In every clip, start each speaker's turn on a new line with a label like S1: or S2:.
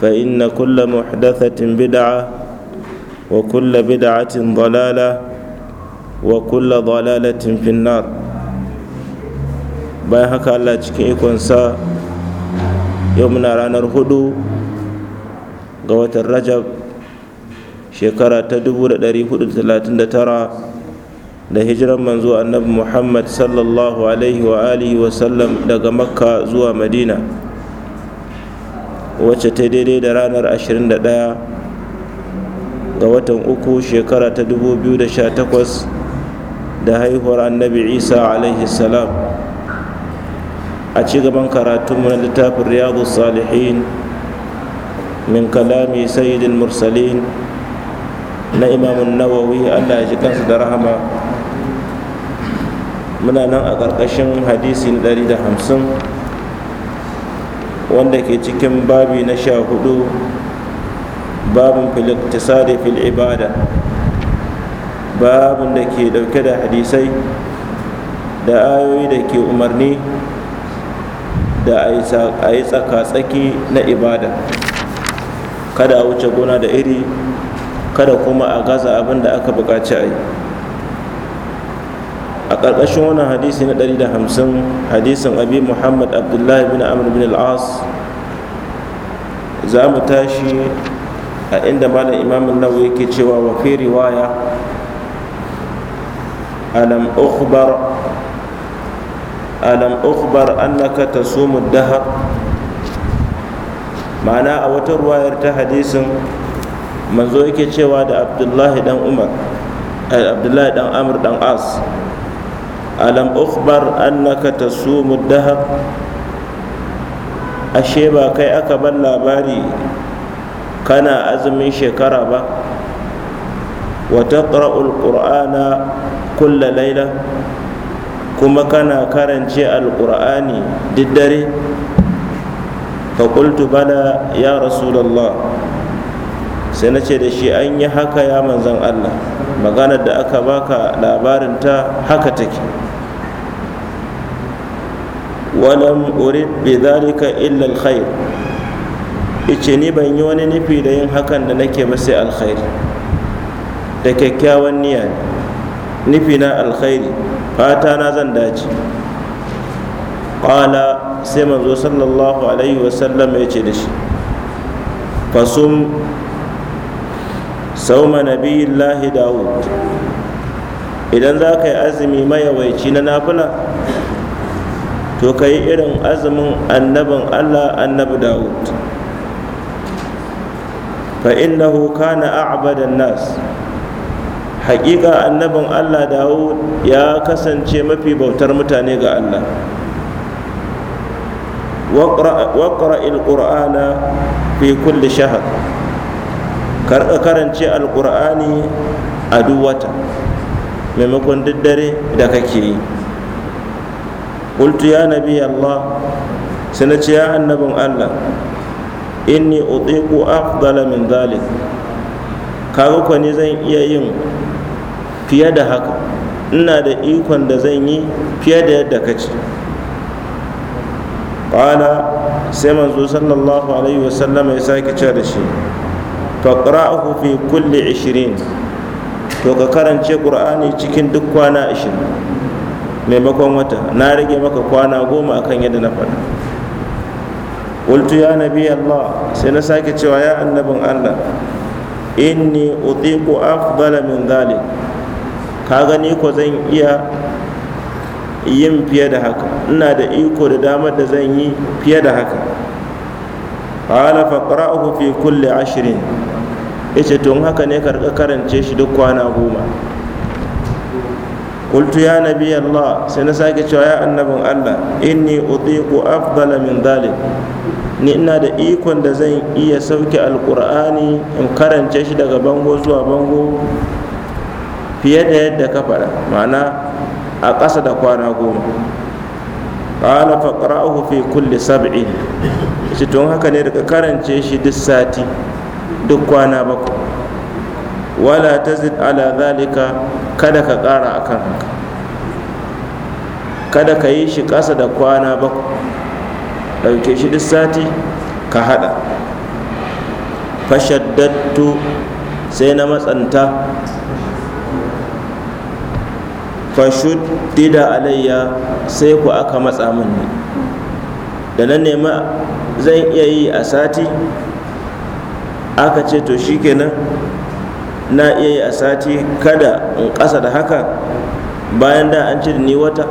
S1: فإن كل محدثة بدعة وكل بدعة ضلالة وكل ضلالة في النار bayan haka Allah cikin ikonsa yau muna ranar hudu ga watan rajab shekara ta 1439 da hijiran manzo annabi muhammad sallallahu alaihi wa alihi daga makka zuwa madina wacce ta daidai da ranar 21 ga watan uku shekara ta 2018 da haihuwar annabi isa alaihi salam a ci gaban karatunmu na littafin riyadu salihin min kalami sayyidin mursalin na imamun nawawi allah ya ji kansa da rahama muna nan a ƙarƙashin da 150 wanda ke cikin babi na sha hudu babin filiktisari fil ibada babin da ke dauke da hadisai da ayoyi da ke umarni da a yi tsaka-tsaki na ibada kada a wuce gona da iri kada kuma a gaza abin da aka bukaci a yi a ƙarƙashin wannan hadisi na 150 hadisin abi muhammad abdullahi bin amr bin al'as za mu tashi a inda malam imamun nawa yake cewa wa fi riwaya alam ukhbar alam ukhbar annaka tasumu dahar ma'ana a wata ruwayar ta hadisin manzo yake cewa da abdullahi dan umar eh, abdullahi dan amr dan as alam ukhbar annaka tasumu dahab ashe ba kai aka ban labari kana azumin shekara ba wa taqra'u alqur'ana kulla layla kuma kana karance alqur'ani duk dare fa qultu bala ya rasulullah sai nace da shi an yi haka ya manzan Allah maganar da aka baka labarin ta haka take walam urid bi dhalika illa alkhair ice ni ban yi wani nufi da yin hakan da nake ba sai alkhairi da kyakkyawan niyya ne nufi na alkhairi fata na zan dace qala sai manzo sallallahu alaihi wasallam ya ce da shi fasum sauma nabiyillahi dawud idan za ka yi azumi mayawaici na nafila to ka yi irin azumin annabin allah annabi dawud fa innahu kana a'badan nas haƙiƙa annabin allah dawud ya kasance mafi bautar mutane ga allah waƙra il-ƙur'ana fi kulli shahar karka karance alƙur'ani a duk wata maimakon duk dare da kake yi قلت يا نبي allah sai يا ce ya annabin allah inni من ذلك min dhalik kaga ko ne zan iya yin fiye da haka ina da ikon da zan yi fiye da yadda ka ce qala sai manzo sallallahu alaihi ya sake shi kulle 20 to ka karance qur'ani cikin duk kwana ashirin. maimakon wata na rage maka kwana goma akan yadda na faɗa ultu ya nabi allah sai na sake cewa ya annabin allah inni utiqu afdala min zali. ka gani ko zan iya yin fiye da haka ina da iko da damar da zan yi fiye da haka qala faqra'uhu fi kulli ashrin ita tun haka ne karka karance shi duk kwana goma qultu ya nabi Allah sai na sake cewa ya annabin Allah inni utiqu afdala min dhalik ni ina da ikon da zan iya sauke alqur'ani in karance shi daga bango zuwa bango fiye da yadda ka faɗa ma'ana a ƙasa da kwana goma qala faqra'uhu fi kulli sab'in shi tun haka ne daga karance shi duk sati duk kwana bakwai wala tazid ala zalika kada ka ƙara akan haka kada ka yi shi ƙasa da kwana bakwai ɗauke shi duk sati ka haɗa fashaddattu sai na matsanta fashuddida alayya sai ku aka matsa min ne da na nema zan iya yi a sati aka ce to shikenan na iya yi a sati kada in ƙasa da haka bayan da an ce da ni wata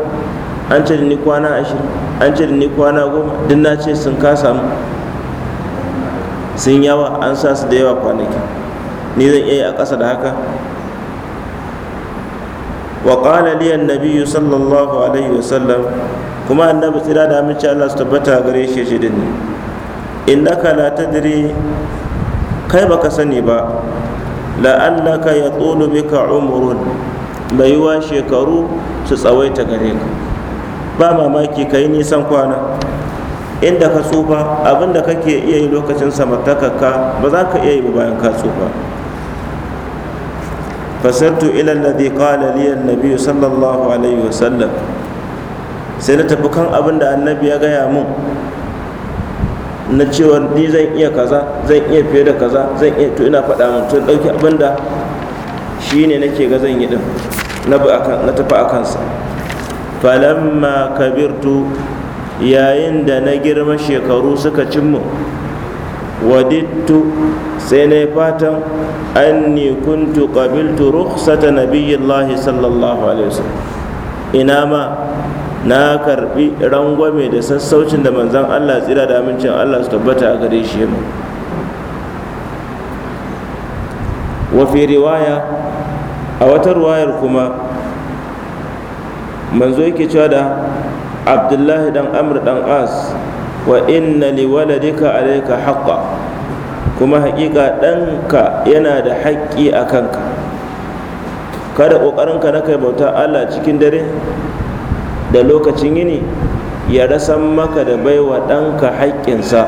S1: an ce da ni kwana ashirin an ce da ni kwana goma duk na ce sun kasa mu sun yawa an sa su da yawa kwanaki ni zan iya yi a ƙasa da haka wa qala li annabiyyu sallallahu alaihi wasallam kuma annabi tsira da amince Allah su tabbata gare shi shi dinni innaka la tadri kai baka sani ba la'allaka ya tsolo bika umurun mai yiwa shekaru su tsawaita gare ka ba mamaki ka yi nisan kwana inda ka tsufa abin da kake iya yi lokacin samartakarka ba za ka iya yi bayan ka tsufa fasartu ila alladhi qala li biyu, sallallahu alaihi wasallam sai na tafi kan abinda annabi ya gaya mun na cewar ni zan iya kaza zan iya fiye da kaza zan iya to ina faɗa mun to ɗauki abin da shi ne nake ga zan yi ɗin na tafi a kansa falamma kabirtu yayin da na girma shekaru suka cimmu wadittu sai na fatan anni kuntu qabiltu rukhsata nabiyillahi sallallahu alaihi wasallam ina ma na karbi rangwame da sassaucin da manzan Allah tsira da amincin Allah su tabbata a gare shi mu wafi riwaya a wata ruwayar kuma manzo yake cewa da abdullahi dan amr dan as wa inna li waladika alayka haqqa kuma haƙiƙa ɗanka yana da haƙƙi a kanka kada ƙoƙarinka na kai bauta allah cikin dare da lokacin yini ya rasan maka da baiwa ɗanka haƙƙinsa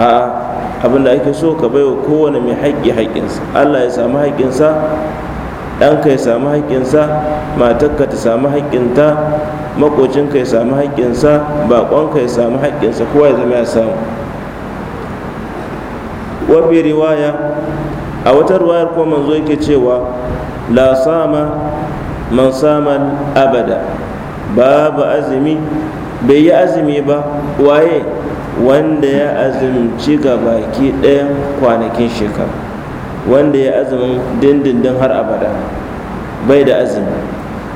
S1: a abin da ake so ka baiwa kowane mai haƙƙi haƙƙinsa allah ya samu haƙƙinsa ɗanka ya samu haƙƙinsa matarka ta samu haƙƙinta makocinka ya samu haƙƙinsa baƙonka ya samu haƙƙinsa kowa ya zama ya samu wafi riwaya a wata ruwayar kuma manzo yake cewa لا sama من صام abada babu azumi bai yi azumi ba waye wanda ya azumci ga baki ɗayan kwanakin shekara wanda ya azumin dindindin har abada bai da azumi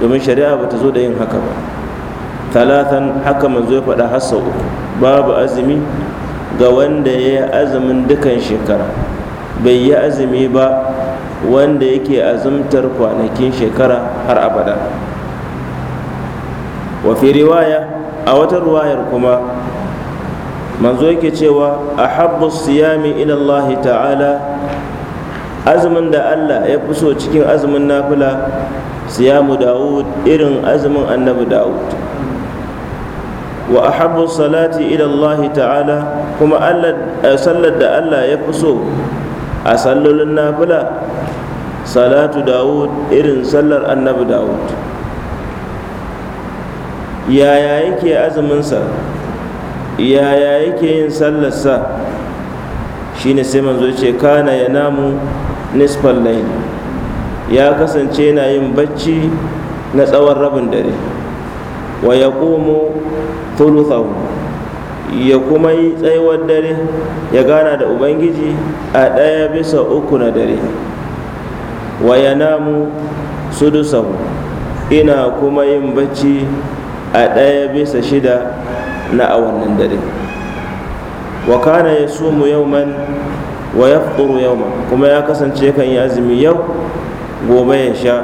S1: domin shari'a ba ta zo da yin haka ba talatan haka manzo ya faɗa har sau uku babu azumi ga wanda ya yi azumin dukan shekara bai yi azumi ba wanda yake azumtar kwanakin shekara har abada wa fi riwaya a wata ruwayar kuma manzo yake cewa a siyami ila Allah ta'ala azumin da Allah ya fi so cikin azumin nafila siyamu dawud irin azumin annabi dawud wa ahabbu salati ila Allah ta'ala kuma eh, sallar da Allah ya fi so a sallolin nafila salatu dawud irin sallar annabi dawud yaya yake azuminsa yaya yake yin sallarsa shine sai manzo ce kana ya namu nisfal layl ya kasance yana yin bacci na tsawon rabin dare wa ya komo thuluthahu ya kuma yi tsayuwar dare ya gana da ubangiji a ɗaya bisa uku na dare wa yanamu sudusahu ina kuma yin bacci a ɗaya bisa shida na awannin dare wa kana ya sumu yauman wa ya kuma ya kasance kan yi azumi yau gobe ya sha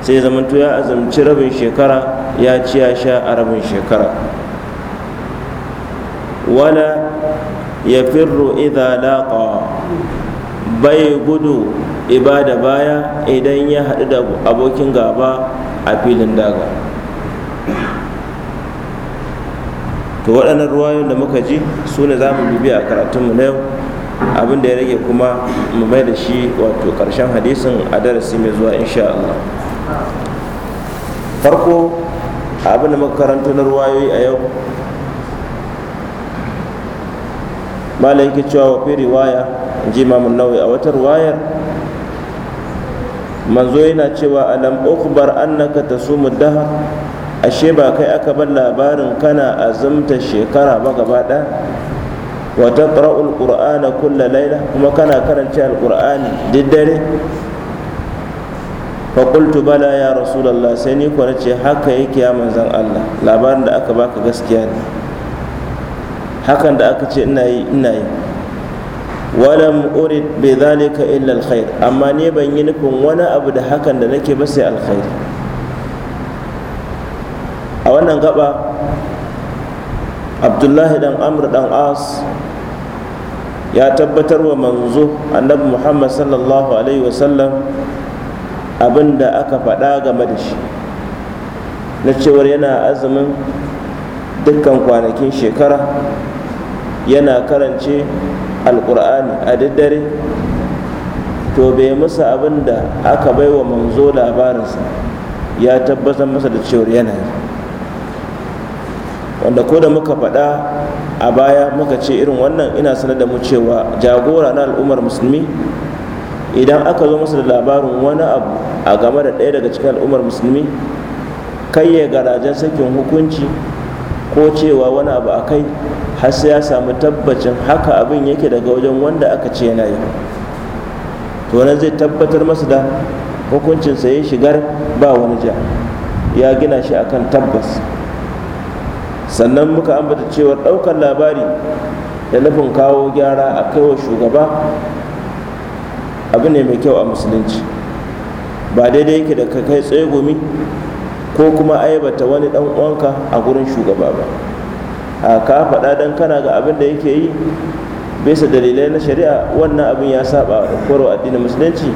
S1: sai zamanto ya azumci rabin shekara ya ci ya sha a rabin shekara wala ya firro idha laqa bai gudu ibada baya idan ya haɗu da abokin gaba a filin daga to waɗannan ruwayoyin da muka ji su ne za mu bibi a karatunmu na yau abin da ya rage kuma mu mai da shi wato ƙarshen hadisin a darasi mai zuwa insha Allah farko abin da muka karanta na ruwayoyi a yau malai yake cewa wa fi riwaya in ji mamun nawawi a wata wayar. manzo yana cewa alam ukhbar annaka tasumu dahar ashe ba kai aka bar labarin kana azumta shekara ba gaba da wa taqra'ul qur'ana kulla laila kuma kana karanta alqur'ani duk dare fa qultu bala ya rasulullah sai ni kuwa ce haka yake ya manzon Allah labarin da aka baka gaskiya ne hakan da aka ce ina yi ina yi walam urid bi zalika illa alkhair amma ne ban yi nufin wani abu da hakan da nake ba sai alkhairi a wannan gaba abdullahi dan amr dan as ya tabbatar wa manzo annabi muhammad sallallahu alaihi wasallam abin da aka faɗa game da shi na cewar yana azumin dukkan kwanakin shekara yana karance alƙur'ani a daddare to bai musu abin da aka bai wa manzo labarinsa ya tabbatar masa da cewar yanayi wanda ko da muka faɗa a baya muka ce irin wannan ina sanar da mu cewa jagora na al'ummar musulmi idan aka zo masa da labarin wani abu a game da ɗaya daga cikin al'ummar musulmi kai ya garajen sakin hukunci ko cewa wani abu a kai har sai ya samu tabbacin haka abin yake daga wajen wanda aka ce yana yi to nan zai tabbatar masa da hukuncinsa ya shigar ba wani ja ya gina shi akan tabbas sannan muka ambata cewar ɗaukar labari da nufin kawo gyara a kaiwa shugaba abu ne mai kyau a musulunci ba daidai yake da kai tsaye gumi ko kuma aibata wani ɗan uwanka a gurin shugaba ba a ka faɗa don kana ga abin da yake yi bisa dalilai na shari'a wannan abin ya saba koro addinin musulunci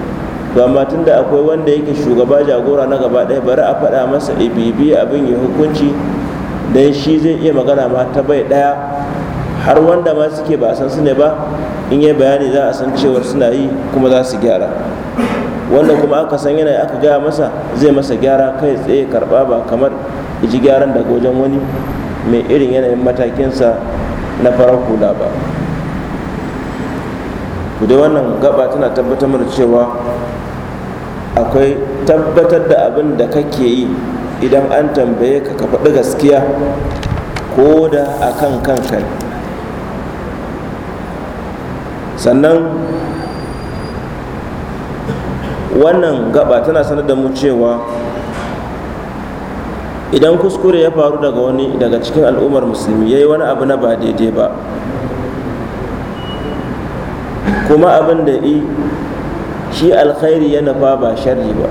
S1: to amma da akwai wanda yake shugaba jagora na gaba ɗaya bari a faɗa masa ibibi abin ya hukunci don shi zai iya magana ma ta bai ɗaya har wanda ma suke ba a san su ne ba in yi bayani za a san cewar suna yi kuma za su gyara wanda kuma aka san yana aka gaya masa zai masa gyara kai tsaye karɓa ba kamar iji gyaran daga wajen wani mai irin yanayin matakinsa na farar hula ba ku dai wannan gaba tana tabbatar da cewa akwai tabbatar da abin da kake yi idan an tambaye ka ka faɗi gaskiya ko da a kan kanka sannan wannan gaba tana sanar da mu cewa idan kuskure ya faru daga wani daga cikin al'ummar musulmi ya yi wani abu na ba daidai ba kuma abin da yi shi alkhairi ya nufa ba sharri ba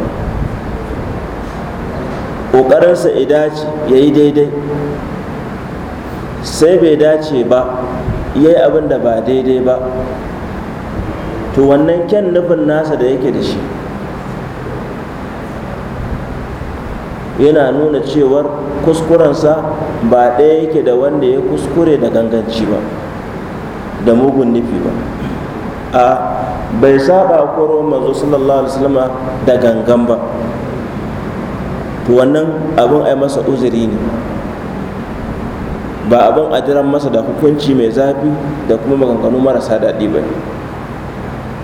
S1: ƙoƙarinsa ya ya yi daidai sai bai dace ba ya yi abin da ba daidai ba to wannan kyan nufin nasa da yake da shi yana nuna cewar kuskurensa ba ɗaya yake da wanda ya kuskure da ganganci ba da mugun nufi ba a bai saba koro manzo sallallahu alaihi wasallama da gangan ba to wannan abin ai masa uzuri ne ba abin a jiran masa da hukunci mai zafi da kuma maganganu marasa daɗi ba ne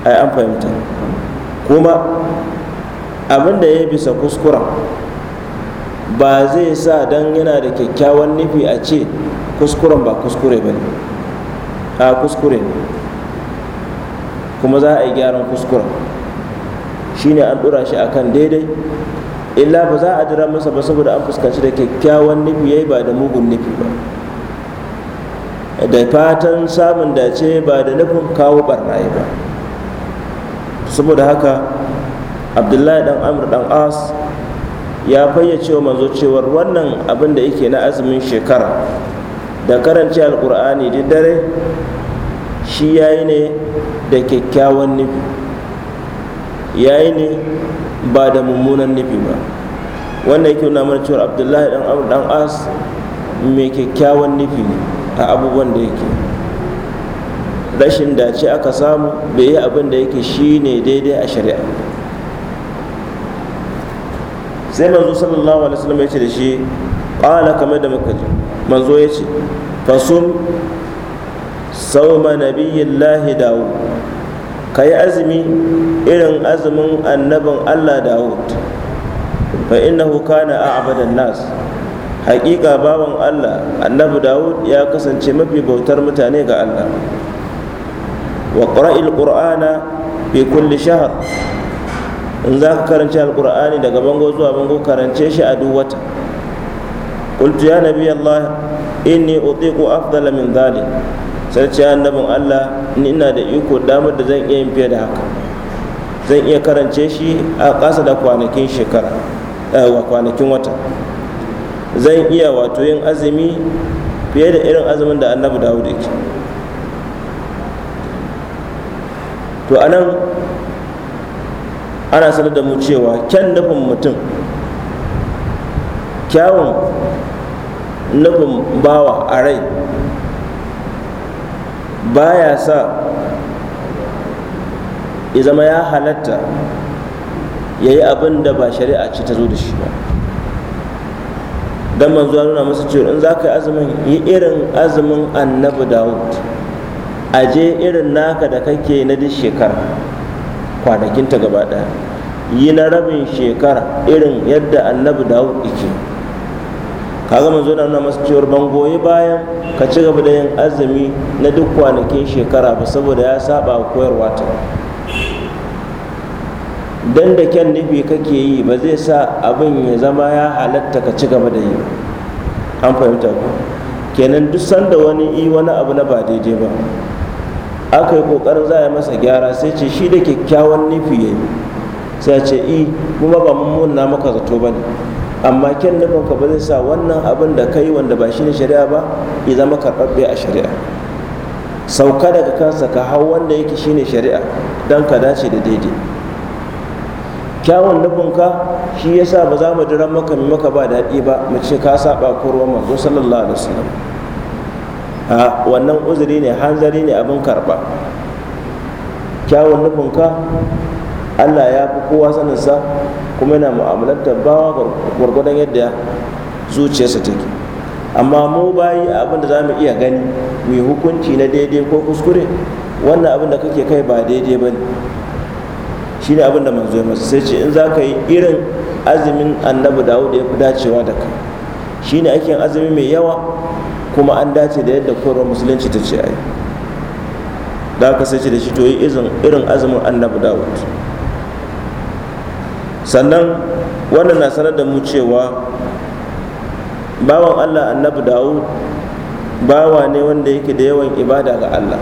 S1: ai an fahimta kuma abin da ya bisa kuskuren ba zai sa don yana da kyakkyawan nufi a ce kuskuren ba kuskure ba a kuskure ne kuma za a yi gyaran kuskuren Shi ne an dura shi a kan daidai illa ba za a jira masa ba saboda an fuskanci da kyakkyawan nufi yayi ba da mugun nufi ba da fatan samun dace ba da nufin kawo barnaye ba saboda haka abdullahi dan amr dan as ya fayyace cewa manzo cewar wannan abin da yake na azumin shekara da karanci alkur'ani duk dare shi ya ne da kyakkyawan nufi ya ne ba da mummunan nufi ba wannan yake nuna mana cewar abdullahi dan dan as mai kyakkyawan nufi ne a abubuwan da yake rashin dace aka samu bai yi abin da yake shi ne daidai a shari'a sai manzo sallallahu alaihi wasallam ya ce da shi qala kamar da muka ji manzo ya ce fasum sauma nabiyillahi dawud ka yi azumi irin azumin annabin allah dawud fa innahu kana a'badan nas haƙiƙa bawan allah annabi dawud ya kasance mafi bautar mutane ga allah wa qura'il qur'ana fi kulli shahr in za ka karanci alkur'ani daga bango zuwa bango karance shi a duk wata qultu ya nabi allah inni utiqu afdala min zali. sai ce annabin allah ni ina da iko damar da zan iya yin fiye da haka zan iya karance shi a ƙasa da kwanakin shekara eh, wa kwanakin wata zan iya wato yin azumi fiye da irin azumin da annabi dawud yake to anan ana sanar da mu cewa kyan nufin mutum kyawun nufin bawa a rai baya sa ya zama ya halatta ya yi abin da ba shari'a ce ta zo da shi ba don manzo ya nuna masa cewa in za ka yi azumin yi irin azumin annabi dawud je irin naka da kake na duk shekara kwanakinta gaba ɗaya yi na rabin shekara irin yadda annabi ke. yake ka gama na masu cewar ban goyi bayan ka ci gaba da yin azumi na duk kwanakin shekara ba saboda ya saba koyarwa ta dan da kyan nufi kake yi ba zai sa abin ya zama ya halatta ka ci gaba da yi an fahimta ku kenan duk sanda wani yi wani abu na ba daidai ba aka yi kokarin za a yi masa gyara sai ce shi da kyakkyawan nufi ya yi sai ce i kuma ba munna maka zato ba ne amma kyan nufin ka ba zai sa wannan abin da kai wanda ba shi ne shari'a ba ya zama karɓaɓɓe a shari'a sauka daga kansa ka hau wanda yake shi ne shari'a don ka dace da daidai kyawun nufinka shi ya sa ba za mu jiran maka maka ba daɗi ba mu ce ka saɓa ko ruwan manzo sallallahu alaihi wasallam a wannan uzuri ne hanzari ne abin karba kyawun nufinka allah ya fi kowa saninsa kuma yana mu'amalantar bawa gwargwadon yadda zuciyarsa take amma mu bayi abin da za mu iya gani mai hukunci na daidai ko kuskure wannan abin da kake kai ba daidai ba ne shi ne abin da manzo ya masa sai ce in za ka yi irin azumin annabi dawud ya fi dacewa da kai shi ne ake azumi mai yawa kuma an dace da yadda koyarwar musulunci ta ce ai da aka sai da shi to yi irin azumin annabi dawud sannan wannan na sanar da mu cewa bawan allah annabi dawud bawa ne wanda yake da yawan ibada ga allah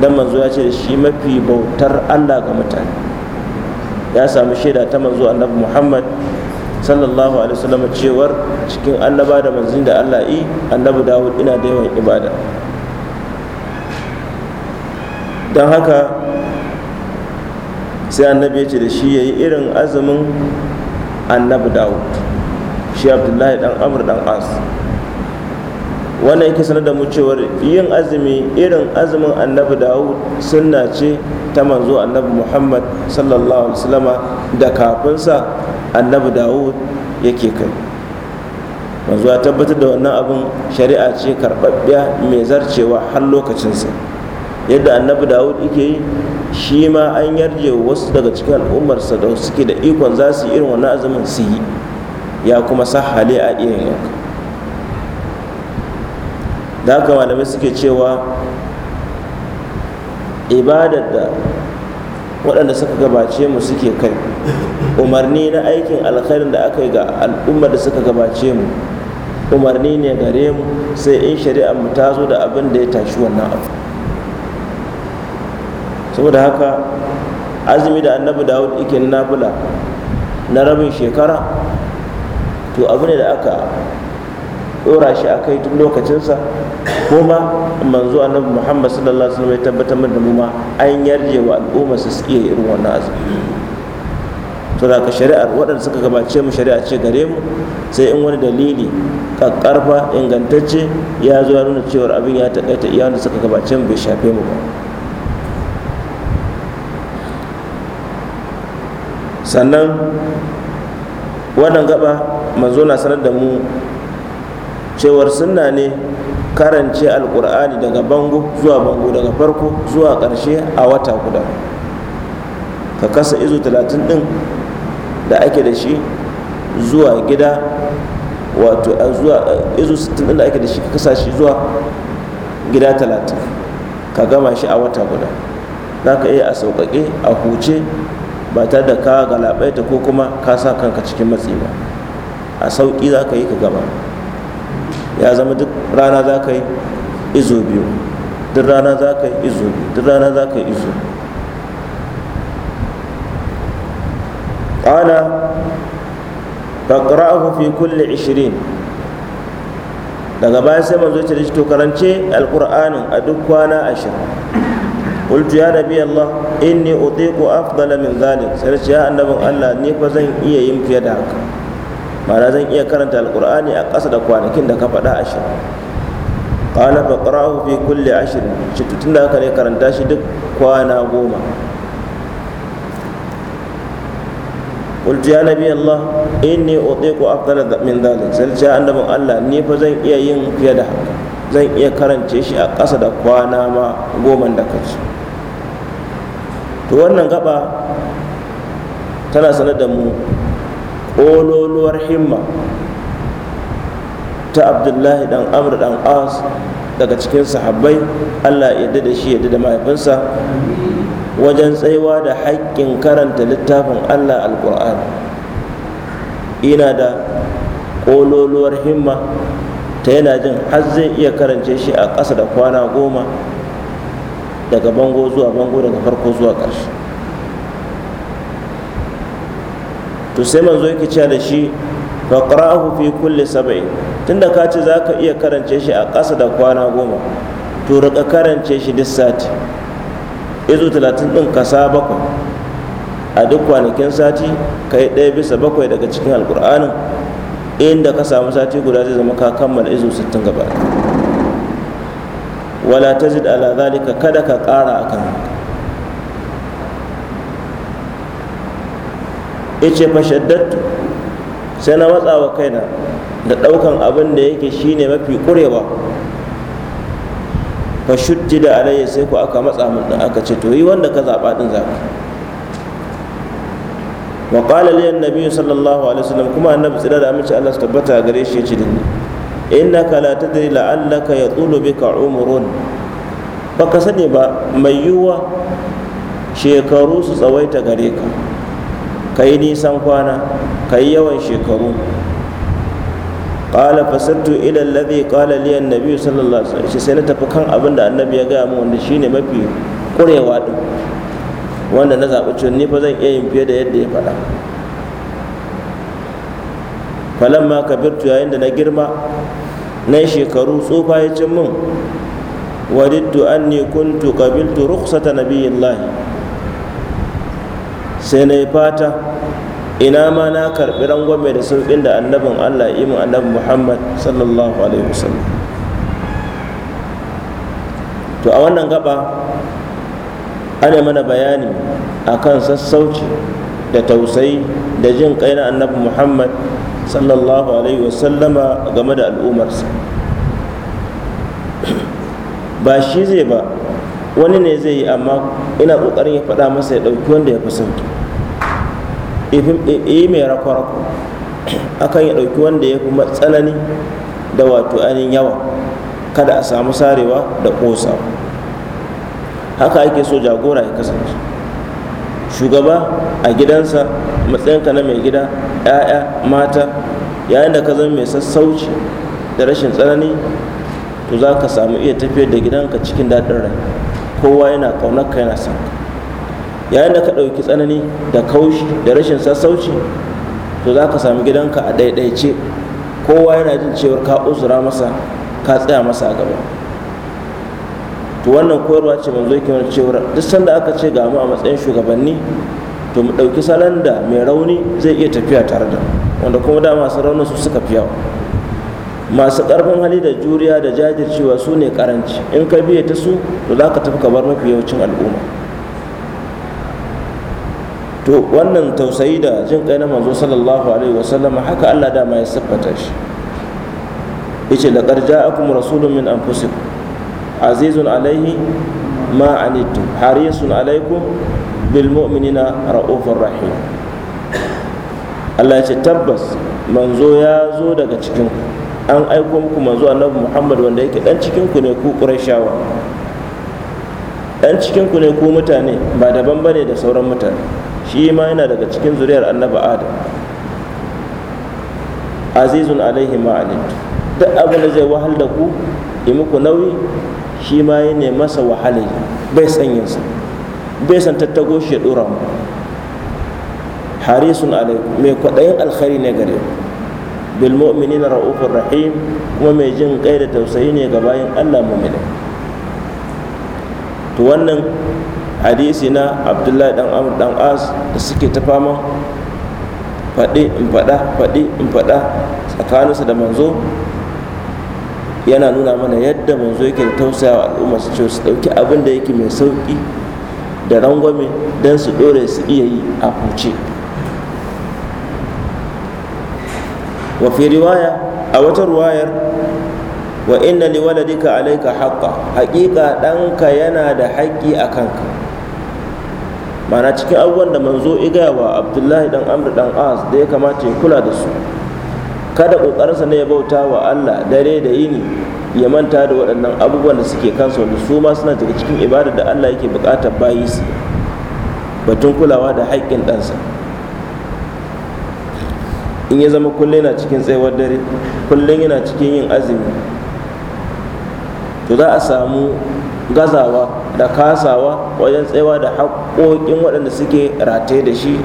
S1: dan manzo ya ce da shi mafi bautar allah ga mutane ya samu shaida ta manzo annabi muhammad sallallahu alaihi wasallam cewar cikin annaba da manzin da Allah yi annabi Dawud ina da yawan ibada don haka sai annabi ya ce da shi ya yi irin azumin annabi Dawud shi abdullahi dan amur dan as wannan yake sanar da mu cewar yin azumi irin azumin annabi dawud sunna ce ta manzo annabi muhammad sallallahu alaihi wasallama da kafinsa annabi dawud yake kai manzo ya tabbatar da wannan abin shari'a ce karɓaɓɓiya mai zarcewa har lokacinsa yadda annabi dawud yake yi shi ma an yarje wasu daga cikin al'ummarsa da suke da ikon za su yi irin wannan azumin su yi ya kuma sahale a iya yanka da haka malamai suke cewa ibadar da waɗanda suka gabace mu suke kai umarni na aikin alkhairin da aka yi ga al'ummar da suka gabace mu umarni ne gare mu sai in shari'ar mu ta zo da abin da ya tashi wannan abu saboda haka azumi da annabi dawud ikin na na rabin shekara to abu ne da aka ɗora shi a kai tun lokacinsa kuma ma manzo annabi muhammad sallallahu alaihi wasallam ya tabbatar da mu ma an yarje wa al'umma su iya irin wannan azumi to da shari'ar waɗanda suka gabace mu shari'a ce gare mu sai in wani dalili ƙaƙƙarfa ingantacce ya zo ya nuna cewar abin ya taƙaita iya wanda suka gabace mu bai shafe mu ba sannan wannan gaba manzo na sanar da mu cewar sunna ne karance alkur'ani daga bango zuwa bango daga farko zuwa ƙarshe a wata guda ka kasa izo talatin ɗin. da ake da shi zuwa gida wato a zuwa izu 60 din da ake da shi kasa shi zuwa gida 30 ka gama shi a wata guda za ka iya a sauƙaƙe a huce ba ta da ka galabaita ko kuma ka sa kanka cikin matsi ba a sauƙi za ka yi ka gama ya zama duk rana za ka yi izo biyu duk rana za ka yi izo biyu duk rana za ka yi izo biyu qala faqra'ahu fi kulli 20 daga baya sai manzo ce da shi to karance alqur'anin a duk kwana 20 qultu ya nabi allah inni utiqu afdala min zalik sai ce ya annabin allah ne fa zan iya yin fiye da haka ma'ana zan iya karanta alqur'ani a ƙasa da kwanakin da ka faɗa 20 qala faqra'ahu fi kulli 20 shi tunda haka ne karanta shi duk kwana goma qultu ya nabi allah inni utiqu afdala min dhalik sai ce annabin allah ni fa zan iya yin fiye da haka zan iya karance shi a ƙasa da kwana ma goma da kaci to wannan gaba tana sanar da mu ololuwar himma ta abdullahi dan amr dan as daga cikin sahabbai allah ya da shi ya da mahaifinsa wajen tsaiwa da haƙƙin karanta littafin allah alƙur'ani ina da ƙololuwar himma ta yana jin har zai iya karance shi a ƙasa da kwana goma daga bango zuwa bango daga farko zuwa ƙarshe to sai manzo yake cewa da shi faqrahu fi kulli sab'i tunda ka ce zaka iya karance shi a ƙasa da kwana goma to riƙa karance shi duk sati izu talatin din kasa bakwai a duk kwanakin sati ka yi ɗaya bisa bakwai daga cikin alƙur'anin inda ka samu sati guda zai zama ka kammala izu sittin gaba wala ta zid ala zalika kada ka ƙara akan haka ice fa sai na matsa kaina da ɗaukan abin da yake shine mafi ƙurewa fa da alayya sai ku aka matsa mun da aka ce to yi wanda ka zaba din zaka wa qala li annabi sallallahu alaihi wasallam kuma annabi tsira da aminci Allah su tabbata gare shi yace din innaka la tadri la'allaka yatulu bika umrun baka sani ba mai yiwuwa shekaru su tsawaita gare ka kai nisan kwana kai yawan shekaru qala fasartu ila alladhi qala li annabi sallallahu alaihi wasallam sai na tafi kan abin da annabi ya gaya mu wanda shine mafi kurewa din wanda na zaɓi cewa ni fa zan iya yin fiye da yadda ya faɗa falamma kabirtu yayin da na girma na shekaru tsufa ya cin min wadidtu anni kuntu qabiltu rukhsata nabiyillahi sai na yi fata ina ma na karɓi rangwame da sauƙin da annabin allah imin annabin muhammad sallallahu alaihi wasallam to a wannan gaba ana mana bayani a kan sassauci da tausayi da jin kai na annabin muhammad sallallahu alaihi wasallama game da al'ummarsa ba shi zai ba wani ne zai yi amma ina ƙoƙarin ya faɗa masa ya ɗauki wanda ya fi sauki yi mai rakwarako akan ya ɗauki wanda ya fi matsalani da wato anin yawa kada a samu sarewa da ƙosa haka ake so jagora ya kasance shugaba a gidansa matsayinka na mai gida 'ya'ya mata yayin da ka zama mai sassauci da rashin tsanani to za ka samu iya tafiyar da gidanka cikin daɗin rai kowa yana ka yana sanka yayin da ka ɗauki tsanani da kaushi da rashin sassauci to za ka sami gidanka a ɗaiɗaice kowa yana jin cewar ka uzura masa ka tsaya masa a gaba to wannan koyarwa ce manzo yake mana cewar duk sanda aka ce ga mu a matsayin shugabanni to mu ɗauki salon da mai rauni zai iya tafiya tare da wanda kuma da masu raunin su suka fiya. masu ƙarfin hali da juriya da jajircewa su ne karanci in ka biye ta su to za ka tafi kamar mafi yawancin al'umma to wannan tausayi da jin kai na manzo sallallahu alaihi wasallama haka Allah ma ya siffata shi yace laqad ja'akum rasulun min anfusikum azizun alaihi ma anittum harisun alaikum bil mu'minina raufur rahim Allah ya ce tabbas manzo ya zo daga cikin ku an aiko muku manzo annabi Muhammad wanda yake dan cikin ku ne ku Qurayshawa dan cikin ku ne ku mutane ba daban bane da sauran mutane shi ma yana daga cikin zuriyar annabi adam azizun alaihi ma'alintu duk abin da zai wahal da ku yi muku nauyi shi ma ya ne masa wahalai bai san yinsa bai san tattago shi ya dora mu harisun alaihi mai kwaɗayin alkhari ne gare bil mu'minin rahim kuma mai jin kai da tausayi ne ga bayan Allah mu'minin to wannan hadisi na abdullahi dan amur dan as da suke ta fama faɗi in faɗa faɗi in faɗa tsakaninsa da manzo yana nuna mana yadda manzo yake da tausayawa al'umma su ce su ɗauki abin da yake mai sauƙi da rangwame don su ɗore su iya yi a huce wa fi riwaya a wata ruwayar wa inna liwaladika alaika haƙƙa haƙiƙa ɗanka yana da haƙƙi a kanka mana cikin abubuwan da manzo ya gaya wa abdullahi dan amr dan as da ya kamata ya kula da su kada kokarinsa ne ya bauta wa allah dare da yini ya manta da waɗannan abubuwan da suke kansa wanda su ma suna daga cikin ibada da allah yake buƙatar bayi su batun kulawa da haƙƙin ɗansa in ya zama kullum yana cikin tsayuwar dare kullum yana cikin yin azumi to za a samu gazawa da kasawa wajen tsayawa da haƙƙo haƙoƙin waɗanda suke rataye da shi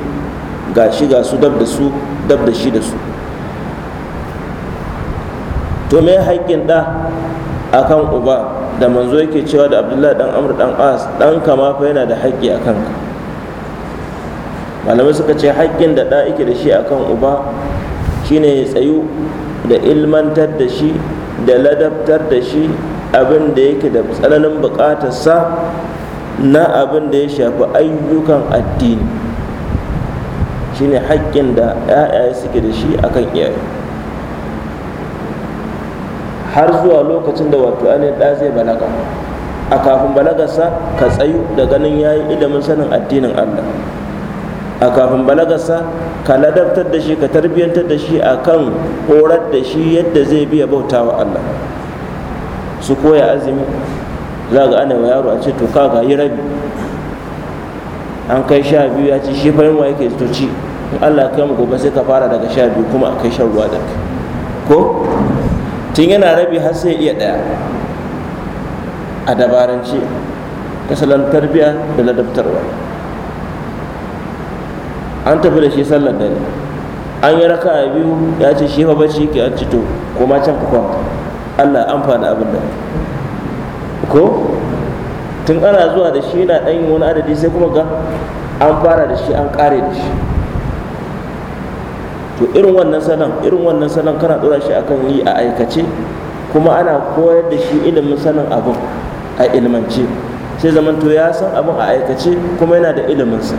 S1: ga shi ga su dab da su dab da shi da su to me haƙƙin ɗa akan uba da manzo yake cewa da abdullahi dan amr dan as dan kama fa yana da haƙƙi a kanka malamai suka ce haƙƙin da ɗa yake da shi akan uba shine ya tsayu da ilmantar da shi da ladabtar da shi abin da yake da tsananin sa. na abin da ya shafi ayyukan addini shine haƙƙin da 'ya'ya suke da shi akan iyaye har zuwa lokacin da wato ne ɗa zai balaga a kafin balagarsa ka tsayu da ganin ya yi ilimin sanin addinin allah a kafin balagarsa ka ladabtar da shi ka tarbiyyantar da shi a kan horar da shi yadda zai biya bautawa allah su koya azumi za ga ana yaro a ce to ka ga yi rabi an kai sha biyu ya ce shi fa yunwa yake to ci in Allah kai mu gobe sai ka fara daga sha biyu kuma a kai shan ruwa da kai ko tun yana rabi har sai iya ɗaya a dabarance kasalan salon tarbiyya da ladabtarwa an tafi da shi sallar dare an yi raka a biyu ya ce shi fa bacci ke an cito ko ma can ku kwanta Allah amfana abin da ko tun ana zuwa da shi yana ɗan wani adadi sai kuma ga an fara da shi an ƙare da shi to irin wannan salon irin wannan salon kana ɗora shi akan yi a aikace kuma ana koyar da shi ilimin sanin abin a ilmance sai zaman to ya san abin a aikace kuma yana da iliminsa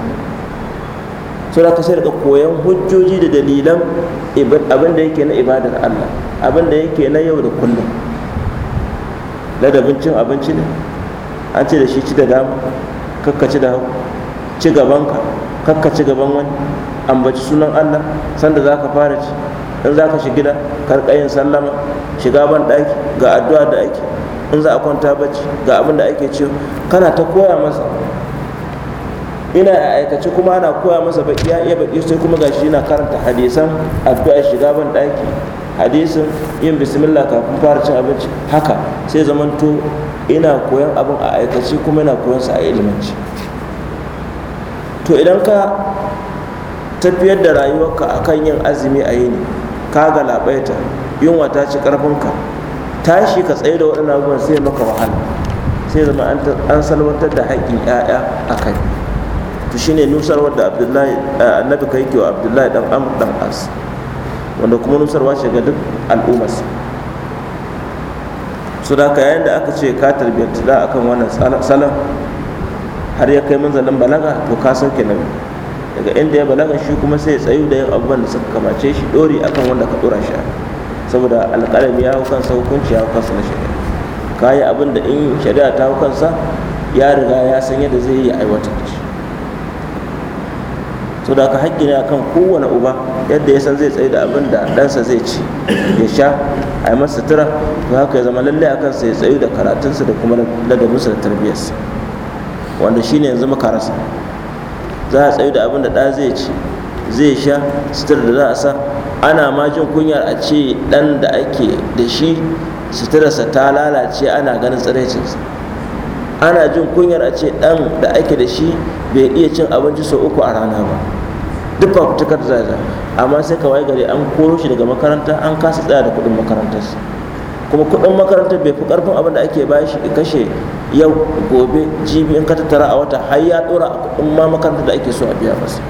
S1: da ka sai daga koyan hujjoji da dalilan abin da yake na ibadar Allah abin da yake na yau da kullum ladabin cin abinci ne an ce da shi ci da dama kakka ci da hau ci gabanka kakka ci gaban wani ambaci sunan allah sanda za ka fara ci in za ka shi gida karkayin sallama shiga ban daki ga addu'a da ake in za a kwanta bacci ga abin da ake ciwo kana ta koya masa ina a aikace kuma ana koya masa baki ya iya baki sai kuma gashi yana karanta hadisan addu'a shiga ban daki hadisin yin bismillah kafin fara cin abinci haka sai zamanto ina koyan abin a aikace kuma ina koyan sa a ilimanci to idan ka tafiyar da rayuwarka a kan yin azumi a yini ka galabaita yunwa ta ci karfinka tashi ka tsaye da waɗannan abubuwan sai maka wahala sai zama an salwantar da haƙƙin 'ya'ya a kai to shine nusarwar da abdullahi eh, annabi kai wa abdullahi ɗan dan as wanda kuma nusarwa ce ga duk al'ummarsa su da yayin da aka ce ka tarbiyyar da akan wannan salon har ya kai manzalin balaga to ka sauke nabi daga inda ya balaga shi kuma sai ya tsayu da yin abubuwan da suka kamace shi dori akan wanda ka dora shi saboda alƙalami ya hau kansa hukunci ya hau kansa na shari'a ka yi abin da in shari'a ta hau kansa ya riga ya san yadda zai yi aiwatar da shi to da ka haƙƙi ne akan kowane uba yadda ya san zai tsaye da abin da ɗansa zai ci ya sha a yi masa sutura to haka ya zama lallai a kansa ya tsayu da karatunsa da kuma ladabinsa da tarbiyyarsa wanda shi ne yanzu muka rasa za a tsayu da abin da ɗa zai ci zai sha sutura da za a sa ana ma jin kunyar a ce ɗan da ake da shi suturarsa ta lalace ana ganin tsiraicinsa ana jin kunyar a ce ɗan da ake da shi bai iya cin abinci sau uku a rana ba duk ba da zai amma sai ka waye gari an koro shi daga makaranta an kasa tsaya da kuɗin makarantarsa kuma kuɗin makarantar bai fi ƙarfin abin da ake ba shi kashe yau gobe jibi in ka tattara a wata har ya ɗora a kuɗin ma makarantar da ake so a biya masa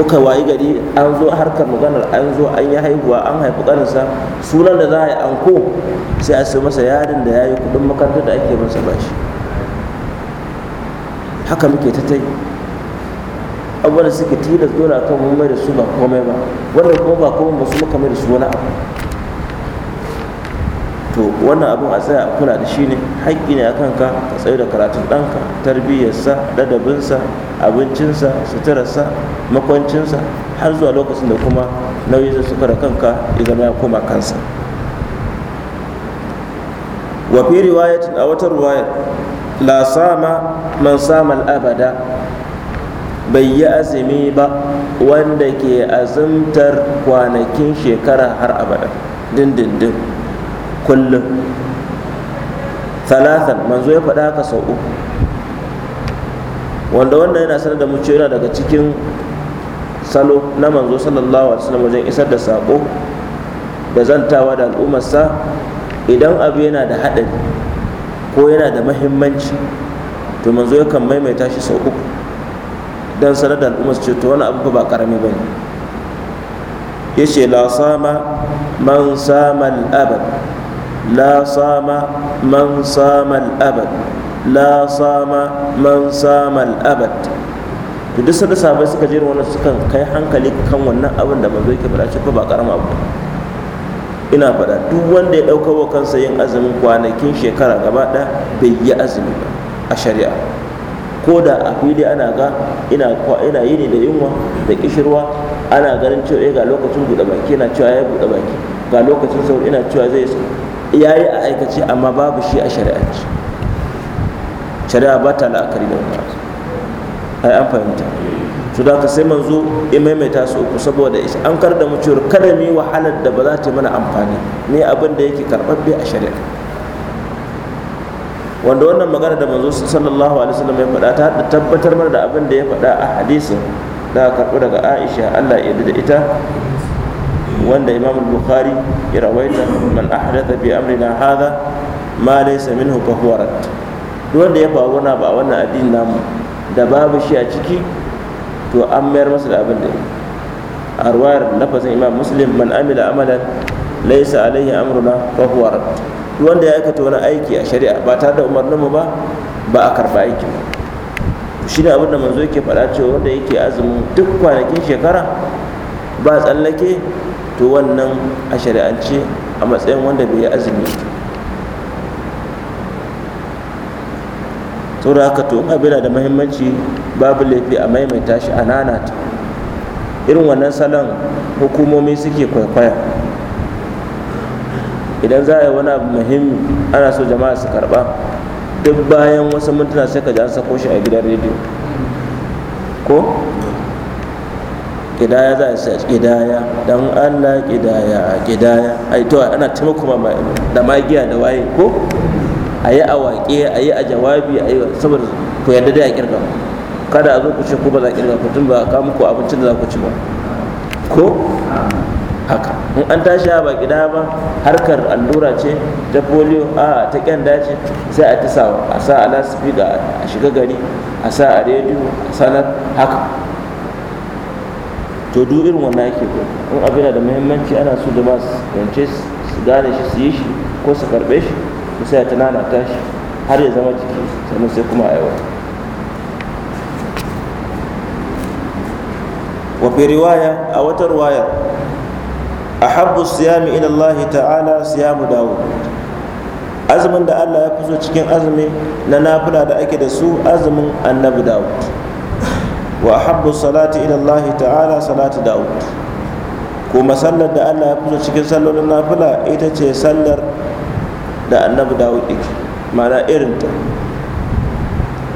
S1: kuka wayi gari an zo harkar maganar an zo an yi haihuwa an haifi ƙarinsa sunan da za a yi anko sai a sai masa yarin da ya yi kuɗin makarantar da ake masa bashi haka muke ta tai abubuwan suke tilas dole a kan mun mai da su ba komai ba wanda kuma ba komai ba su muka mai da su wani abu to wannan abin a tsaya a kula da shi ne haƙƙi ne a kan ka tsayo da karatun ɗanka tarbiyyarsa ladabinsa abincinsa suturarsa makwancinsa har zuwa lokacin da kuma nauyi zai suka da kanka ya zama ya koma kansa wa fi riwayatin a wata riwayar la sama man sama al'abada bai yi azumi ba wanda ke azumtar kwanakin shekara har abada dindindin kullum talatan manzo ya faɗa haka sau uku wanda wannan yana sanar da mu yana daga cikin salo na manzo sallallahu alaihi wasallam wajen isar da sako da zantawa da al'ummarsa idan abu yana da haɗari ko yana da mahimmanci to manzo yakan maimaita shi sau uku Dan sanar da al'umma su ce to wani abu ba karami bane ne ya ce la sama man sama abad la sama man sama abad la sama man sama abad to duk sanda sabai suka jira wannan sukan kai hankali kan wannan abin da manzo yake faɗa ce ba karama abu ina faɗa duk wanda ya dauka wa kansa yin azumin kwanakin shekara gaba ɗaya bai yi azumi ba a shari'a ko da a fili ana ga ina ina yini da yunwa da kishirwa ana ganin cewa eh, ga lokacin buɗe baki yana cewa ya buɗe baki ga lokacin sau ina cewa zai ya yi a aikace amma babu shi a shari'ance shari'a ba ta la'akari da wata. ai an fahimta su da ka sai manzo ya maimaita su uku saboda an kar da mu cewar kada mu yi wahalar da ba za ta mana amfani ne abin da yake bai a shari'a wanda wannan magana da manzo sallallahu alaihi wasallam ya faɗa ta tabbatar mana da abin da ya faɗa a hadisin da aka karɓi daga Aisha Allah ya da ita wanda Imam Bukhari ya rawaita man ahdatha bi amrina hadha ma laysa minhu fa huwa rad duk wanda ya faru wannan ba wannan addinin namu da babu shi a ciki to an mayar masa da abin da a ruwayar lafazin Imam Muslim man amila amalan laysa alayhi amruna fa huwa rad wanda ya aikata wani aiki a shari'a ba tare da umarnin mu ba ba a karba aiki ba shi ne abin manzo yake faɗa cewa wanda yake azumin duk kwanakin shekara ba tsallake to wannan a shari'ance a matsayin wanda bai yi azumi saboda haka to abin da muhimmanci babu laifi a maimaita shi a nanata irin wannan salon hukumomi suke kwaikwaya idan za a yi wani abu muhimmi ana so jama'a su karba duk bayan wasu mintuna sai ka ji an sako shi a gidan rediyo ko kidaya za a sai kidaya don allah kidaya kidaya ai to ana taimakon da magiya da waye ko a yi a waƙe a yi a jawabi a yi saboda ku yadda dai a kirga kada a zo ku ce ku ba za a kirga ku tun ba ka muku abincin da za ku ci ba ko haka in an tashi a gida gida ba harkar allura ce ta polio a ta kyanda dace sai a ta sa a sa a a shiga gari a sa a rediyo a sanar haka to duk irin wannan yake ko in abin da muhimmanci ana so da ba su su gane shi su yi shi ko su karbe shi ko sai ta nana tashi har ya zama jiki sannan sai kuma a wa fi riwaya a wata riwaya A ahabbu siyami ila Allah ta'ala siyamu Dawud azumin da Allah ya kuso cikin azumi na nafila da ake da su azumin annabi Dawud wa ahabbu salati ila Allah ta'ala salatu Dawud kuma sallar da Allah ya kuso cikin sallolin nafila ita ce sallar da annabi Dawud yake ma'ana irin ta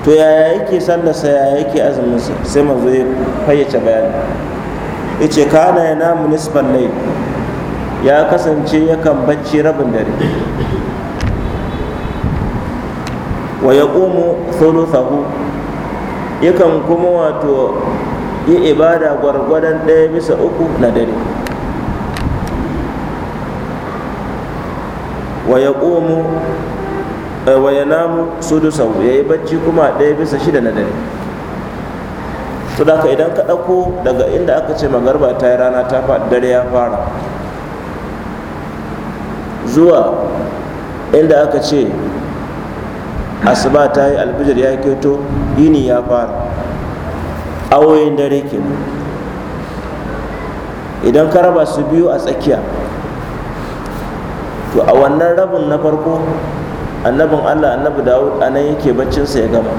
S1: to yaya yake sallarsa ya yake azumin sai manzo ya fayyace bayani yace kana ya namu nisfan layl ya kasance yakan bacci rabin dare wa ya ƙumu thuluthahu yakan kuma wato yi ibada gwargwadon ɗaya bisa uku na dare wa ya ƙomo eh, wa ya namu sudusahu ya yi bacci kuma ɗaya bisa shida na dare to da idan ka ɗauko daga inda aka ce magarba ta yi rana ta faɗi dare ya fara zuwa inda aka ce asuba ta yi albijar ya keto yini ya fara awoyin dare ke idan ka raba su biyu a tsakiya to a wannan rabin na farko annabin allah annabi dawud a nan yake baccinsa ya gama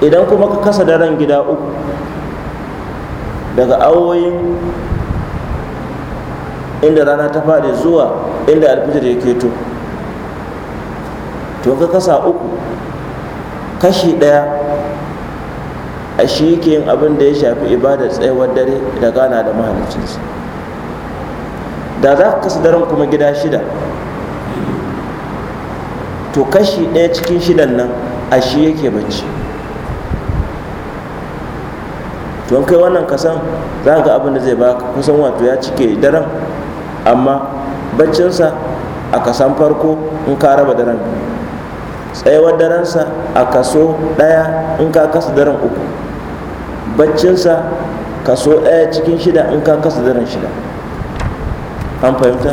S1: idan kuma ka kasa daren gida uku daga awoyin inda rana ta faɗi zuwa inda alfijir ya keto to ka kasa uku kashi ɗaya a shi yake yin abin da ya shafi ibadar tsayawar dare da gana da mahaliccinsa da za ka kasa daren kuma gida shida to kashi ɗaya cikin shidan nan a shi yake bacci to kai wannan kasan za ga abin da zai baka kusan wato ya cike daren amma baccinsa a kasan farko in ka raba daren tsayawar darensa a kaso ɗaya in ka kasa daren uku baccinsa kaso ɗaya cikin shida in ka kasa daren shida an fahimta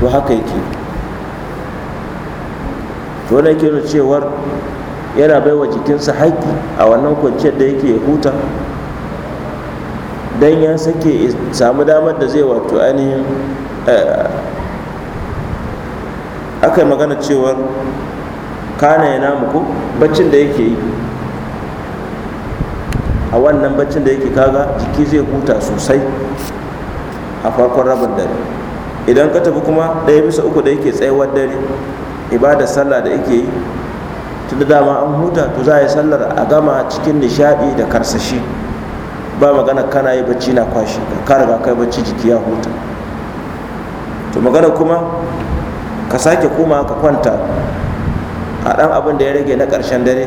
S1: to haka yake to wani yake cewar yana baiwa jikinsa haƙƙi a wannan kwanciyar da yake huta don ya sake samu damar da zai wato ainihin Eh, aka yi magana cewar kana ya namu ko baccin da yake yi a wannan baccin da yake kaga jiki zai huta sosai a farkon rabin dare idan ka tafi kuma ɗaya bisa uku da yake tsayawar dare ibada sallah da yake yi tun da dama an huta to za a yi sallar a gama cikin nishaɗi da karsashi ba magana kana yi bacci na kwashi ka riga kai bacci jiki ya huta magana kuma ka sake koma ka kwanta a ɗan abin da ya rage na karshen dare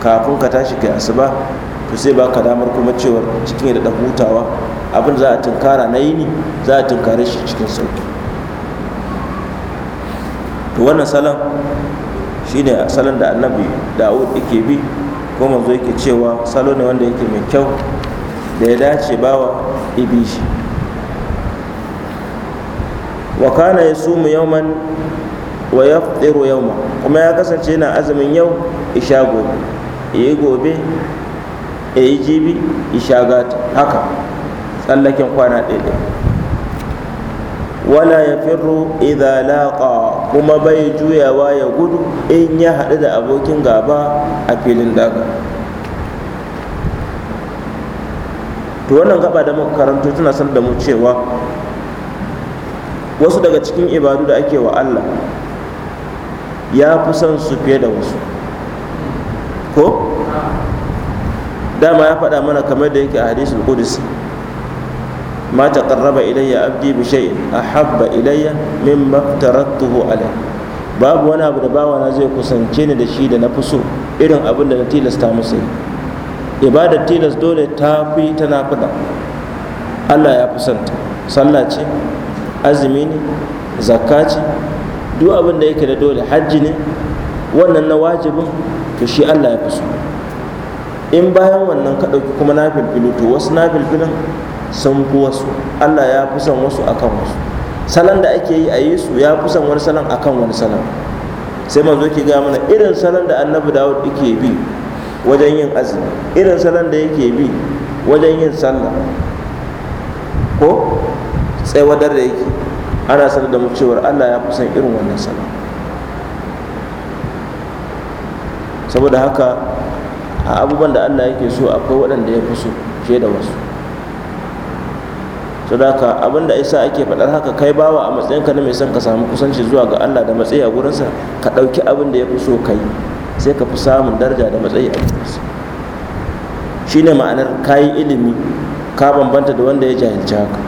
S1: kafin ka tashi kai asuba to sai ba ka damar kuma cewar cikin da ɗan hutawa abin za a tunkara na yini za a tunkare shi cikin sauki to wannan salon shine salon da annabi da'ud yake bi ko manzo yake cewa salo ne wanda yake mai kyau da ya dace bawa ibishi wa kana yasumu yawman wa ya yafṭiru yawma kuma ya kasance yana azumin yau isha gobe yi gobe yi jibi isha gata haka tsallaken kwana ɗaya wala ya firro idha laqa kuma bai juyawa ya gudu in ya haɗu da abokin gaba a filin daga to wannan gaba da muka karanto tana san da mu cewa wasu daga cikin ibadu da ake wa Allah ya fi son su fiye da wasu ko dama ya faɗa mana kamar da yake a hadisul qudsi ma taqarraba ilayya abdi bi shay'in ahabba ilayya mimma tarattuhu alayhi babu wani abu da na zai kusance ni da shi da na fi so irin abin da na tilasta masa yi ibadar tilas dole ta fi tana fada Allah ya fi santa sallah ce azumi ne zakaci duk abin da yake da dole hajji ne wannan na wajibin to shi Allah ya fi so in bayan wannan ka ɗauki kuma na filfilu to wasu na filfilin sun fi wasu Allah ya fi son wasu akan wasu salon da ake yi a yi su ya fi son wani salon akan wani salon sai manzo ke ga mana irin salon da annabi dawud yake bi wajen yin azumi irin salon da yake bi wajen yin sallah ko sai wadar da yake ana sanar da mu Allah ya fi irin wannan sana saboda haka a abubuwan da Allah yake so akwai waɗanda ya fi so fiye da wasu sadaka abin da isa ake faɗar haka kai bawa a matsayinka na mai son ka samu kusanci zuwa ga Allah da matsayi a gurinsa ka ɗauki abin da ya fi so ka sai ka fi samun daraja da matsayi a gurinsa shine ma'anar kayi ilimi ka bambanta da wanda ya jahilci haka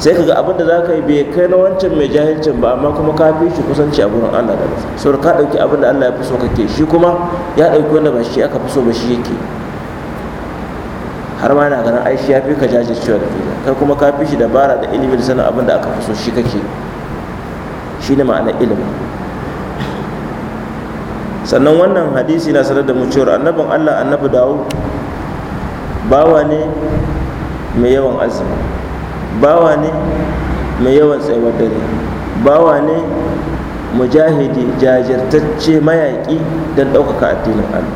S1: sai kaga abin da ka yi bai kai na wancan mai jahilcin ba amma kuma ka fi shi kusanci a gurin Allah da rafi saboda ka dauki abin da Allah ya fi so kake shi kuma ya dauki wanda ba shi aka fi so ba shi yake har ma yana ganin ai shi ya fi ka jajircewa da fila kai kuma ka fi shi dabara da ilimi da sanin abin da aka fi so shi kake shi ne ma'anar ilimi sannan wannan hadisi na sanar da mu cewar annabin Allah annabi dawo bawa ne mai yawan azumi bawa ne mai yawan tsayuwar dare bawa ne mujahidi jajirtacce mayaƙi don ɗaukaka addinin allah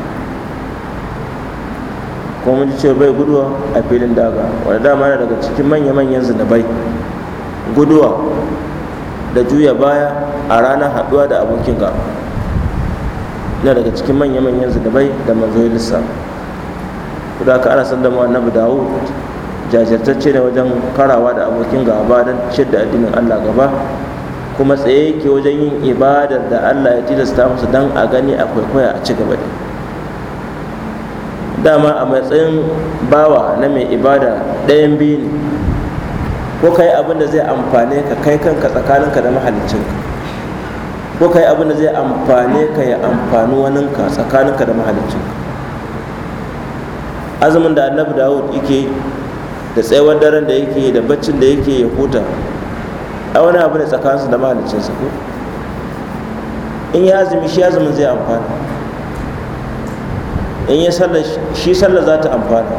S1: kuma mun ji cewa bai guduwa a filin daga wanda dama yana daga cikin manya-manyan zinabai guduwa da juya baya a ranar haɗuwa da abokin gaba na daga cikin manya-manyan zinabai da manzo lissa, lissafa. ka ana san da mu annabi Dawud jajirtacce ne wajen karawa da abokin gaba don ciyar da addinin Allah gaba kuma tsaye yake wajen yin ibadar da Allah ya tilasta musu don a gani a kwaikwaya a ci gaba da dama a matsayin bawa na mai ibada ɗayan biyu ne ko kai abin da zai amfane ka kai kanka tsakaninka da mahalicinka ko kai abin da zai amfane ka ya amfani waninka tsakaninka da mahalicinka azumin da annabi dawud yake da tsayawar daren da yake da baccin da yake ya huta a wani abu da tsakansu da mahaliccinsa ko in ya azumi shi azumin zai amfana in ya sallar shi sallar za ta amfana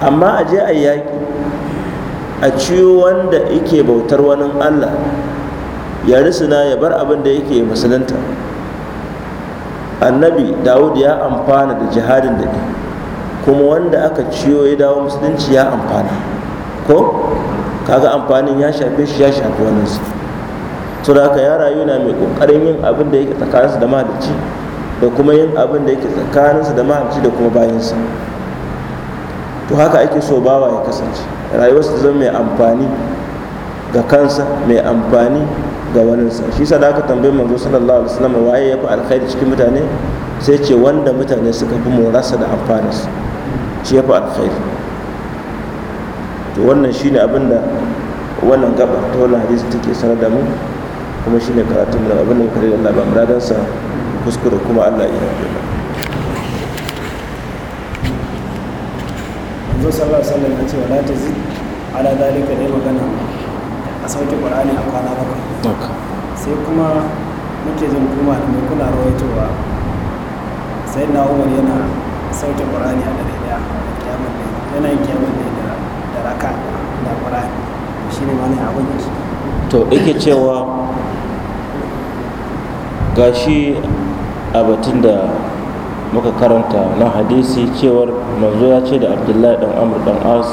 S1: amma a je a yaƙi a ciwo wanda yake bautar wani allah ya risina ya bar abin da yake musulunta annabi dawud ya amfana da jihadin da ne kuma wanda aka ciyo ya dawo musulunci ya amfana ko kaga amfanin ya shafe shi ya shafi wannan su to da ya rayu na mai kokarin yin abin da yake tsakaninsu da mahalicci da kuma yin abin da yake tsakaninsu da mahalicci da kuma bayansa to haka ake so bawa ya kasance Rayuwar ta zama mai amfani ga kansa mai amfani ga sa. shi sa da aka tambayi manzo sallallahu alaihi wasallam waye ya fi alkhairi cikin mutane sai ce wanda mutane suka fi morarsa da amfaninsa shi ya fi alkhairi to wannan shine abin da wannan gaba ta wannan hadisi take sanar da mu kuma shine karatun da abin da kare Allah ba sa kuskure kuma Allah ya yarda da Manzo sallallahu alaihi wasallam ya ce wala zi ala zalika dai magana a sauke Qur'ani a kwana haka sai kuma muke jin kuma da mai kula rawaitowa sai na Umar yana sauke ƙur'ani a dare daya kiyamar ne yana yin kiyamar ne da raka da ƙur'ani shi ne wani abin da to yake cewa gashi a batun da muka karanta na hadisi cewar manzo ya ce da abdullahi dan amur dan as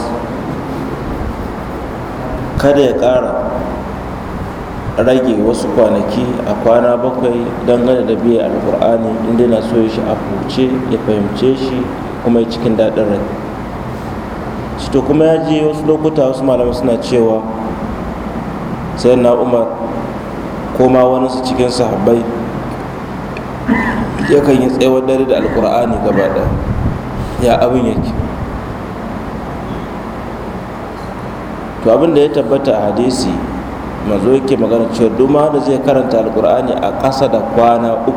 S1: kada ya ƙara rage wasu kwanaki a kwana bakwai dangane da biya alkur'ani inda na so shi a huce ya fahimce shi kuma cikin daɗin rai to kuma ya je wasu lokuta wasu malamai suna cewa sai na umar ko ma wani su cikin sahabbai kan yi tsayawar dare da alkur'ani gaba ya abin yake to abin da ya tabbata a hadisi manzo yake magana cewa duk da zai karanta alkur'ani a ƙasa da kwana uku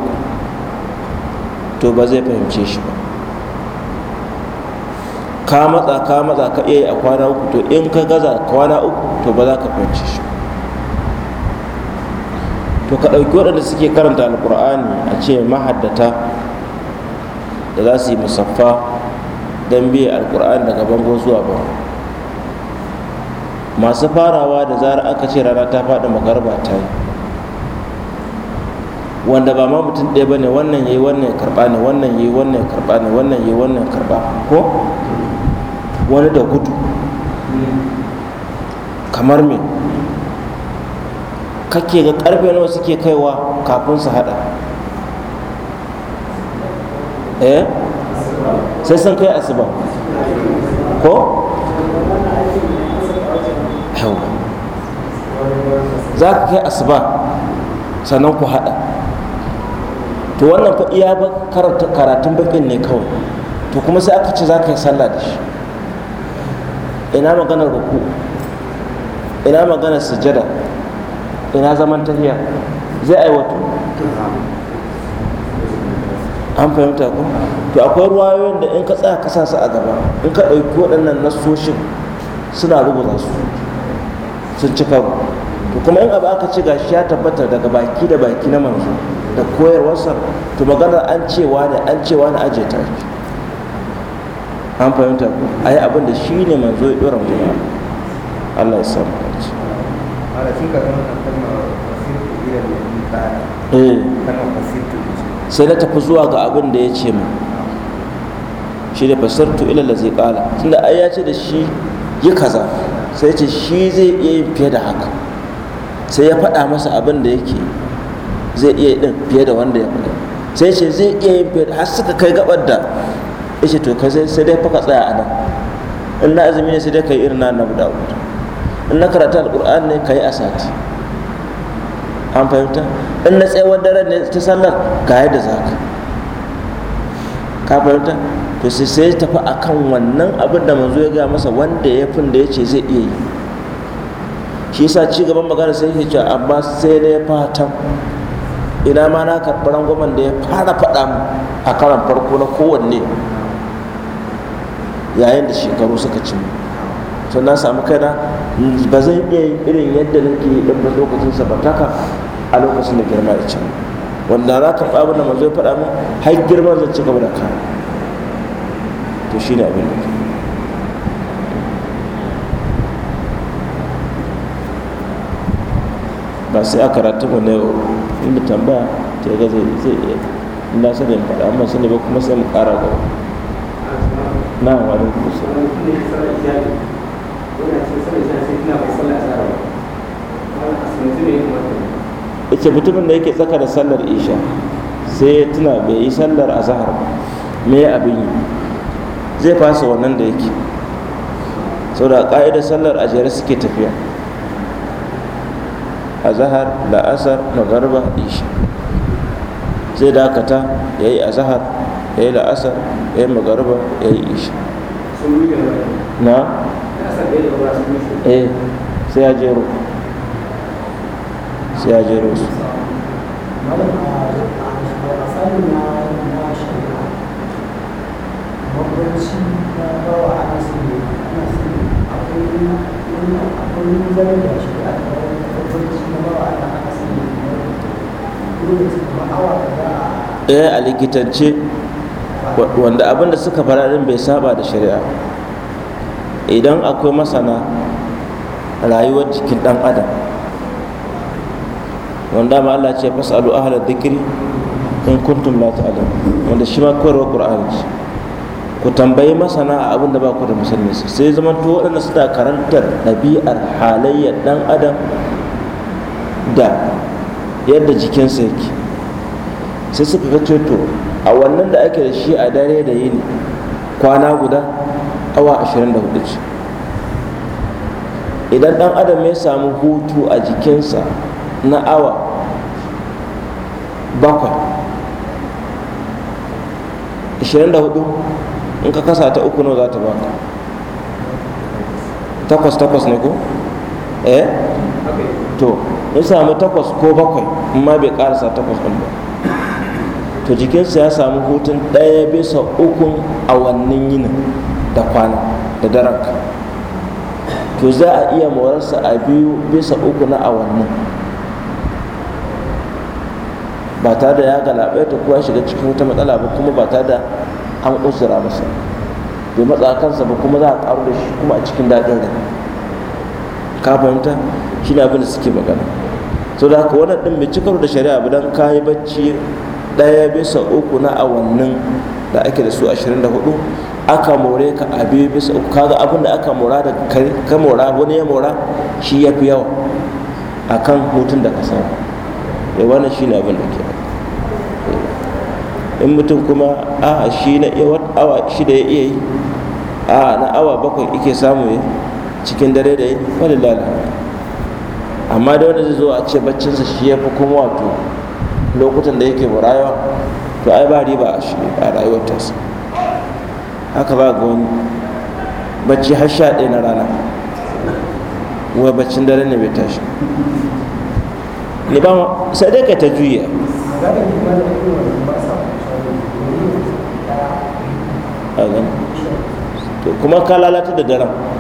S1: to ba zai fahimce shi ba ka matsa ka matsa ka iya yi a kwana uku to in ka gaza kwana uku to ba za ka fahimce shi to ka ɗauki waɗanda suke karanta alkur'ani a ce mahaddata da za su yi musaffa don biya alkur'ani daga bangon zuwa bangon masu farawa da zarar aka ce rana ta faɗi magarba ta yi wanda ba ma mutum ɗaya ba ne wannan ya yi wannan ya karɓa ne wannan ya yi wannan ya karɓa ne wannan ya yi wannan ya karɓa ko wani da gudu kamar me kake ga karfe nawa suke kaiwa kafin su hada eh sai sun kai asuba ko yawwa za ka kai asuba sannan ku haɗa to wannan fa iya ba karatun bakin ne kawai to kuma sai aka ce za ka yi sallah da shi ina maganar ruku ina maganar sujada ina zaman tafiya zai aiwatu an fahimta ku to akwai ruwayoyin da in ka tsaya ka sa su a gaba in ka ɗauki waɗannan nasoshin suna rubuta su sun ci karo to kuma in abu aka ci gashi ya tabbatar daga baki da baki na manzo da koyarwarsa to maganar an cewa ne an cewa ne aje ta an fahimta ku a yi abin da shi ne manzo ya ɗora mu Allah ya samu ci eh. sai na tafi zuwa ga abin da ya ce mu shi da fasartu ila lazi kala tunda ai ya ce da shi yi kaza sai ce shi zai iya yin fiye da haka sai ya faɗa masa abin da yake zai iya din fiye da wanda ya faɗa sai ce zai iya yin fiye da har suka kai gabar da ya ce to ka sai dai faka tsaya a nan in na azumi ne sai dai kai irin na annabi wuta in na karanta alƙur'an ne kai a sati an fahimta in na tsayawar daren ne ta sallar ga yadda za ka ka fahimta to sai sai ya tafi akan wannan abin da manzo ya gaya masa wanda ya fin da ya ce zai iya yi shi yasa ci gaban magana sai ya ce amma sai na fatan ina ma na karɓi rangwamen da ya fara faɗa mu a karan farko na kowanne yayin da shekaru suka ci mu to na samu kaina ba zan iya irin yadda nake yi lokacin sa ba taka a lokacin da girma ya ci wanda za ka faɗa abin da manzo ya faɗa mu har girma zai ci gaba da kara to shi ne abin da ke ba sai a karatu ba ne inda tambaya ta ga zai zai iya na sanin faɗa amma sani ba kuma sai mu ƙara gaba na wani kusa ita mutumin da yake tsaka da sallar isha sai ya tuna bai yi sallar azahar me abin yi zai fasa wannan da yake saboda ƙa'ida sallar a jere suke tafiya a zahar la'asar magarba isha zai dakata ya yi a zahar ya yi la'asar ya yi magarba ya yi isha na? eh sai ya jero sai ya jero su ɗaya eh, a likitance wanda abin da suka fara din bai saba da shari'a idan akwai masana rayuwar jikin ɗan adam wanda ma Allah ce fasalu ahla dhikri in kuntum la ta'lamun wanda shi ma koyarwa qur'ani ce ku tambayi masana a abin da ba ku da musulmi sai zama to waɗanda suna karantar ɗabi'ar halayyar ɗan adam da yadda jikinsa yake sai suka ga ceto a wannan da ake da shi a dare da yini kwana guda awa 24 ce idan ɗan adam ya samu hutu a jikinsa na awa bakwai 24 in ka kasa ta uku nawa za ta baka takwas takwas ne ko eh to in samu takwas ko bakwai in ma bai karasa takwas ɗin ba to jikinsa ya samu hutun ɗaya bisa ukun awannin yinin da kwana da daranka to za a iya morarsa a biyu bisa uku na awannin ba tare da ya galabaita kuwa ya shiga cikin wata matsala ba kuma ba tare da an usura masa bai matsa kansa ba kuma za a karu da shi kuma a cikin daɗin rai ka fahimta shi ne abin da suke magana so da haka wannan ɗin mai cikar da shari'a ba don kayi bacci ɗaya bisa uku na awannin da ake da su 24 aka more ka a biyu bisa uku kaga abin da aka mora da ka mora wani ya mora shi ya fi yawa akan hutun da ka samu ya eh, wannan shi ne abin da ke in mutum kuma a shi na iya awa shida ya iya yi a na awa bakwai ike samu ya cikin dare da yi wani lala amma da wanda zai zo a ce baccinsa shi ya fi kuma wato lokutan da yake rayuwa to ai ba riba a shi a rayuwar tasa haka ba ga wani bacci har sha ɗaya na rana wai baccin dare ne bai tashi ne ba sai dai ka ta juya kuma ka lalata da daren